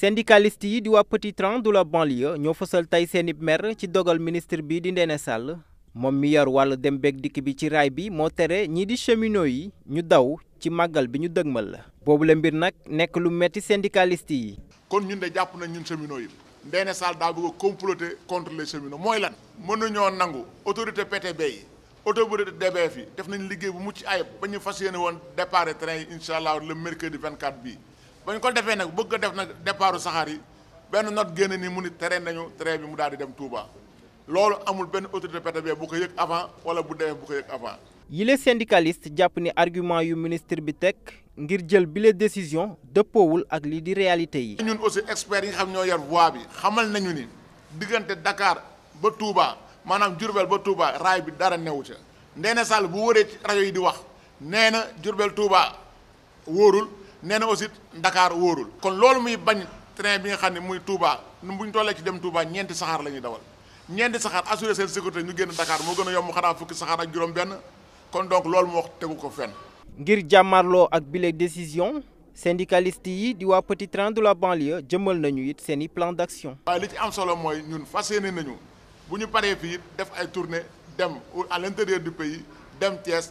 syndicaliste yi di waa Petit Train de la banlieue ñoo fësal tey seeni mer ci dogal ministre bi di Ndéné Sall moom mi yor wàllu dem beeg dikk bi ci raay bi moo tere ñii di cheminot yi ñu daw ci màggal bi ñu dëgmal la. boobu la mbir nag nekk lu metti syndicaliste yi. kon ñun de jàpp nañ ñun cheminot yi. Ndéné Sall daa bëgg a comploter contre les cheminots mooy lan. mënuñoo nangu autorité PTB yi. autorité DBF yi def nañ liggéey bu mucc ayib ba ñu fas yéene woon départ train yi allah le mercredi 24 bii. ba ko défé nak bëgg def nak départu saxaar yi note génné ni mu ni tere nañu train bi mu daal di dem Touba loolu amul benn autorité pétrolière bu ko yëg avant wala bu demee bu ko yëg avant. yi yile syndicaliste japp ni argument yu ministre bi teg ngir jël bi bile décision dëppoowul ak li di réalité yi. ñun aussi expert yi nga xam ñoo yar voie bi xamal nañu ni diggante Dakar ba Touba manam Diourbel ba Touba ray bi dara newu ca Ndéné Sall bu wëree radio yi di wax néna na Touba worul nee na aussi Dakar worul kon lolou muy bañ train bi nga xamné muy Touba bu ñu tollee ci dem Touba ñent saxar la dawal ñent saxar assurer seen sécurité ñu génn Dakar mo gën a yomb xanaa fukki saxar ak juroom ben kon donc lolou mo wax tegu fenn ngir jamarlo ak bile décision syndicaliste yi di wa petit train de la banlieue jëmmal nañu it seen plan d'action waaye li ci am solo moy ñun fas nañu buñu paré fi def ay tournée dem à l'intérieur du pays dem Thiès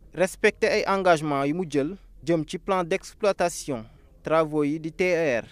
Respecter les engagements yu mu de plan d'exploitation travaillé travaux TER